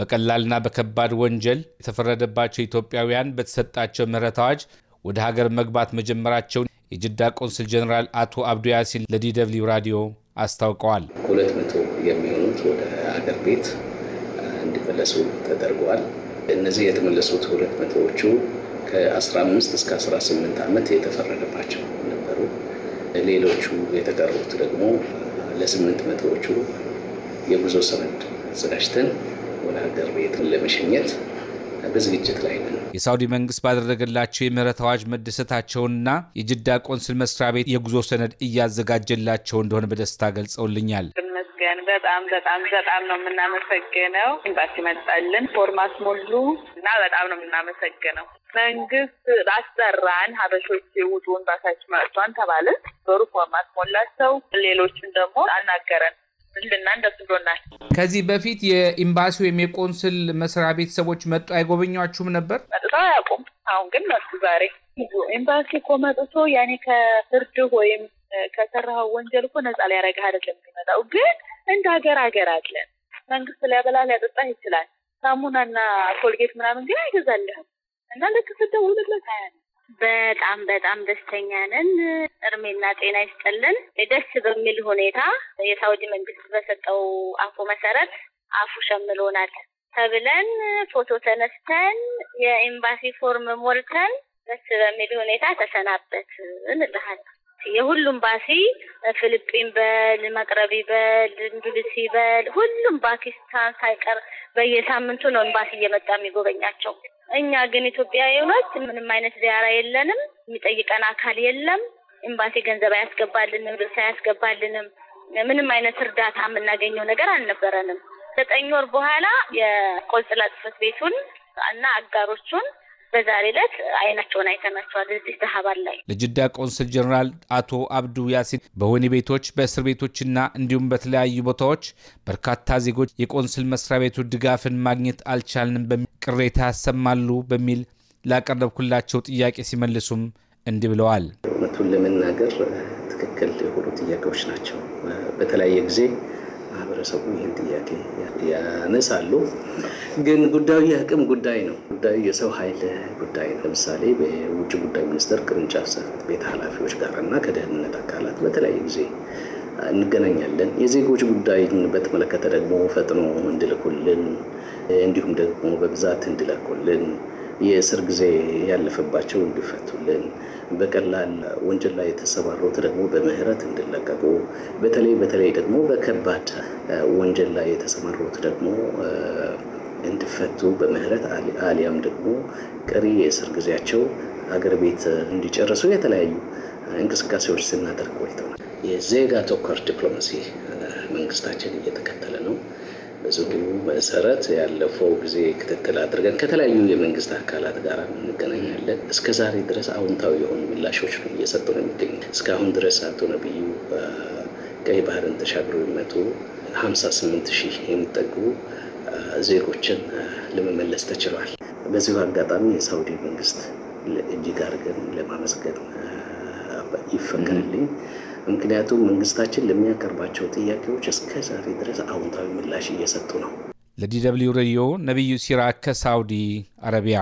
በቀላልና በከባድ ወንጀል የተፈረደባቸው ኢትዮጵያውያን በተሰጣቸው ምህረት አዋጅ ወደ ሀገር መግባት መጀመራቸውን የጅዳ ቆንስል ጀኔራል አቶ አብዱ ያሲን ለዲደብሊው ራዲዮ አስታውቀዋል። ሁለት መቶ የሚሆኑት ወደ ሀገር ቤት እንዲመለሱ ተደርገዋል። እነዚህ የተመለሱት ሁለት መቶዎቹ ከ15 እስከ 18 ዓመት የተፈረደባቸው ነበሩ። ሌሎቹ የተቀሩት ደግሞ ለስምንት መቶዎቹ የጉዞ ሰነድ አዘጋጅተን ሀገር ቤትን ለመሸኘት በዝግጅት ላይ ነን። የሳውዲ መንግስት ባደረገላቸው የምህረት አዋጅ መደሰታቸውንና የጅዳ ቆንስል መስሪያ ቤት የጉዞ ሰነድ እያዘጋጀላቸው እንደሆነ በደስታ ገልጸውልኛል። በጣም በጣም በጣም ነው የምናመሰግነው። ኤምባሲ መጣልን ፎርማት ሞሉ እና በጣም ነው የምናመሰግነው። መንግስት አሰራን። ሀበሾች ውጡ ኤምባሲያችን መጥቷን ተባለ። በሩ ፎርማት ሞላቸው። ሌሎችን ደግሞ አናገረን። ዝምድና እንደስ ብሎናል። ከዚህ በፊት የኤምባሲ ወይም የቆንስል መስሪያ ቤት ሰዎች መጡ አይጎበኟችሁም ነበር? መጥተው አያውቁም። አሁን ግን መጡ ዛሬ። ኤምባሲ እኮ መጥቶ ያኔ ከፍርድ ወይም ከሰራኸው ወንጀል እኮ ነጻ ሊያደርግህ አይደለም የሚመጣው። ግን እንደ ሀገር ሀገር አለን። መንግስት ሊያበላ ሊያጠጣ ይችላል። ሳሙናና ኮልጌት ምናምን ግን አይገዛልህም እና ልክ ስትደውልለት አያነ በጣም በጣም ደስተኛ ነን። እርሜና ጤና ይስጠልን። ደስ በሚል ሁኔታ የሳውዲ መንግስት በሰጠው አፉ መሰረት አፉ ሸምሎናል ተብለን ፎቶ ተነስተን የኤምባሲ ፎርም ሞልተን ደስ በሚል ሁኔታ ተሰናበት እንልሃለን። የሁሉም ባሲ ፊልጲን በል መቅረቢ በል፣ እንግሊዝ በል ሁሉም ፓኪስታን ሳይቀር በየሳምንቱ ነው ኤምባሲ እየመጣ የሚጎበኛቸው። እኛ ግን ኢትዮጵያ የሆነች ምንም አይነት ዚያራ የለንም፣ የሚጠይቀን አካል የለም። ኤምባሲ ገንዘብ አያስገባልንም፣ ልብስ አያስገባልንም። ምንም አይነት እርዳታ የምናገኘው ነገር አልነበረንም። ዘጠኝ ወር በኋላ የቆንጽላ ጽሕፈት ቤቱን እና አጋሮቹን በዛሬ ዕለት አይናቸውን አይተናቸዋል። እዚህ ዛሀባል ላይ ለጅዳ ቆንስል ጀኔራል አቶ አብዱ ያሲን በወህኒ ቤቶች፣ በእስር ቤቶችና እንዲሁም በተለያዩ ቦታዎች በርካታ ዜጎች የቆንስል መስሪያ ቤቱ ድጋፍን ማግኘት አልቻልንም በሚል ቅሬታ ያሰማሉ በሚል ላቀረብኩላቸው ጥያቄ ሲመልሱም እንዲህ ብለዋል። እውነቱን ለመናገር ትክክል የሆኑ ጥያቄዎች ናቸው። በተለያየ ጊዜ ማህበረሰቡ ይህን ጥያቄ ያነሳሉ። ግን ጉዳዩ የአቅም ጉዳይ ነው። ጉዳዩ የሰው ኃይል ጉዳይ ነው። ለምሳሌ በውጭ ጉዳይ ሚኒስቴር ቅርንጫፍ ጽሕፈት ቤት ኃላፊዎች ጋር እና ከደህንነት አካላት በተለያየ ጊዜ እንገናኛለን። የዜጎች ጉዳይን በተመለከተ ደግሞ ፈጥኖ እንድልኩልን እንዲሁም ደግሞ በብዛት እንድለኩልን የእስር ጊዜ ያለፈባቸው እንዲፈቱልን በቀላል ወንጀል ላይ የተሰማሩት ደግሞ በምህረት እንዲለቀቁ በተለይ በተለይ ደግሞ በከባድ ወንጀል ላይ የተሰማሩት ደግሞ እንዲፈቱ በምህረት አሊያም ደግሞ ቀሪ የእስር ጊዜያቸው ሀገር ቤት እንዲጨርሱ የተለያዩ እንቅስቃሴዎች ስናደርግ ቆይተናል። የዜጋ ተኮር ዲፕሎማሲ መንግስታችን እየተከተለ ነው። በዚሁ መሰረት ያለፈው ጊዜ ክትትል አድርገን ከተለያዩ የመንግስት አካላት ጋር እንገናኛለን። እስከ ዛሬ ድረስ አውንታዊ የሆኑ ምላሾች ነው እየሰጡ ነው የሚገኙ። እስካሁን ድረስ አቶ ነቢዩ ቀይ ባህርን ተሻግረው የሚመጡ 58 ሺህ የሚጠጉ ዜጎችን ለመመለስ ተችሏል። በዚሁ አጋጣሚ የሳውዲ መንግስት እጅግ አድርገን ለማመስገን ይፈቀድልኝ። ምክንያቱም መንግስታችን ለሚያቀርባቸው ጥያቄዎች እስከ ዛሬ ድረስ አዎንታዊ ምላሽ እየሰጡ ነው። ለዲ ደብልዩ ሬዲዮ ነቢዩ ሲራክ ከሳውዲ አረቢያ